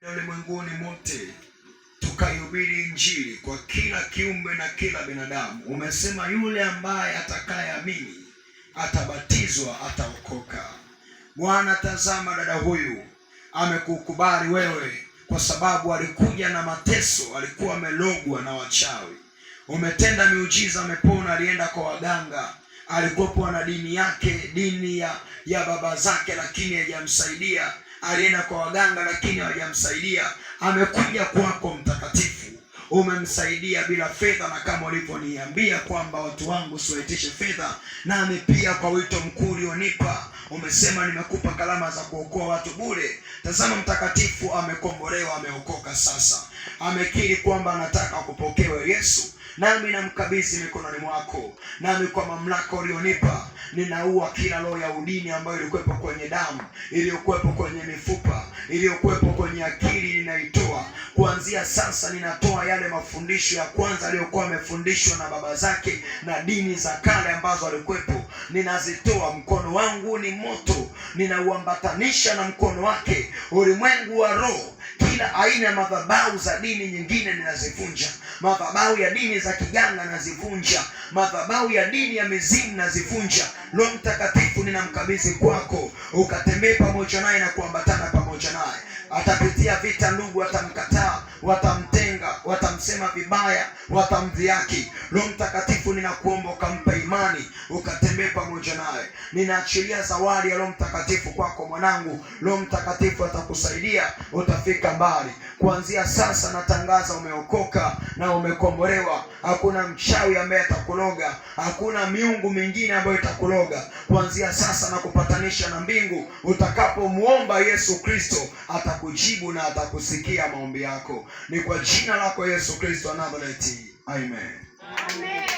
na ulimwenguni mote tukaihubiri Injili kwa kila kiumbe na kila binadamu. Umesema yule ambaye atakayeamini atabatizwa ataokoka. Bwana, tazama dada huyu amekukubali wewe, kwa sababu alikuja na mateso, alikuwa amelogwa na wachawi, umetenda miujiza, amepona, alienda kwa waganga alikuwepo na dini yake, dini ya, ya baba zake, lakini haijamsaidia alienda kwa waganga, lakini hawajamsaidia. Amekuja kwako umemsaidia bila fedha, na kama ulivyoniambia kwamba watu wangu siwaitishe fedha, nami pia kwa wito mkuu ulionipa umesema nimekupa kalama za kuokoa watu bure. Tazama, mtakatifu amekombolewa, ameokoka sasa, amekiri kwamba anataka kupokewa Yesu nami namkabidhi mikononi mwako, nami kwa mamlaka ulionipa ninaua kila roho ya udini ambayo ilikuwepo kwenye damu, iliyokuwepo kwenye mifupa iliyokuwepo kwenye akili ninaitoa. Kuanzia sasa, ninatoa yale mafundisho ya kwanza aliyokuwa amefundishwa na baba zake na dini za kale ambazo alikuwepo ninazitoa. Mkono wangu ni moto, ninauambatanisha na mkono wake ulimwengu wa roho. Kila aina ya madhabahu za dini nyingine ninazivunja. Madhabahu ya dini za kiganga nazivunja, madhabahu ya dini ya mizimu nazivunja. Roho Mtakatifu ninamkabidhi kwako, ukatembee pamoja naye na kuambatana pamoja naye. Atapitia vita, ndugu watamkataa, watamtenga, watam watamsema vibaya, watamdhiaki. Roho Mtakatifu, ninakuomba ukampa imani, ukatembee pamoja naye. Ninaachilia zawadi ya Roho Mtakatifu kwako mwanangu. Roho Mtakatifu atakusaidia, utafika mbali. Kuanzia sasa natangaza umeokoka na umekombolewa. Hakuna mchawi ambaye atakuloga, hakuna miungu mingine ambayo itakuloga. Kuanzia sasa nakupatanisha na mbingu. Utakapomwomba Yesu Kristo atakujibu na atakusikia maombi yako. Ni kwa jina lako Yesu Yesu Kristo anabareti. Amen. Amen.